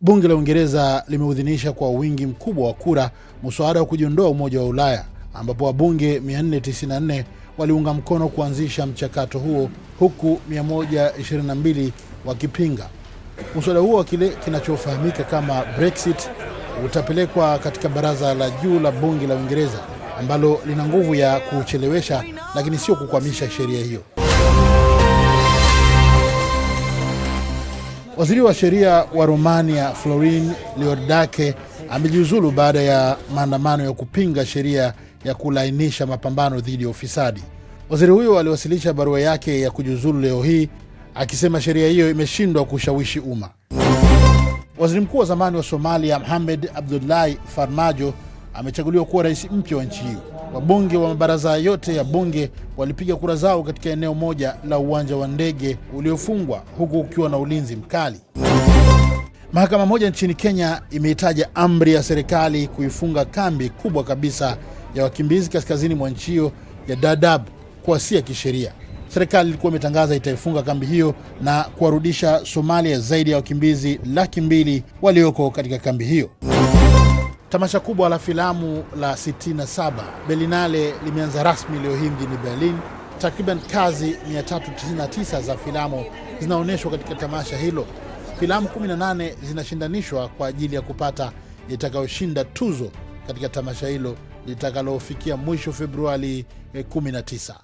Bunge la Uingereza limeudhinisha kwa wingi mkubwa wa kura mswada wa kujiondoa Umoja wa Ulaya, ambapo wabunge 494 waliunga mkono kuanzisha mchakato huo huku 122 wakipinga. Mswada huo wa kile kinachofahamika kama Brexit utapelekwa katika baraza la juu la bunge la Uingereza ambalo lina nguvu ya kuchelewesha lakini sio kukwamisha sheria hiyo. Waziri wa sheria wa Romania Florin Iordache amejiuzulu baada ya maandamano ya kupinga sheria ya kulainisha mapambano dhidi ya ufisadi. Waziri huyo aliwasilisha barua yake ya kujiuzulu leo hii akisema sheria hiyo imeshindwa kushawishi umma. Waziri mkuu wa zamani wa Somalia Mohamed Abdullahi Farmajo amechaguliwa kuwa rais mpya wa nchi hiyo. Wabunge wa mabaraza yote ya bunge walipiga kura zao katika eneo moja la uwanja wa ndege uliofungwa huku ukiwa na ulinzi mkali. Mahakama moja nchini Kenya imeitaja amri ya serikali kuifunga kambi kubwa kabisa ya wakimbizi kaskazini mwa nchi hiyo ya Dadaab kuwa si ya kisheria. Serikali ilikuwa imetangaza itaifunga kambi hiyo na kuwarudisha Somalia zaidi ya wakimbizi laki mbili walioko katika kambi hiyo. Tamasha kubwa la filamu la 67 Berlinale limeanza rasmi leo hii mjini Berlin. Takriban kazi 399 za filamu zinaonyeshwa katika tamasha hilo. Filamu 18 zinashindanishwa kwa ajili ya kupata itakayoshinda tuzo katika tamasha hilo litakalofikia mwisho Februari 19. Eh,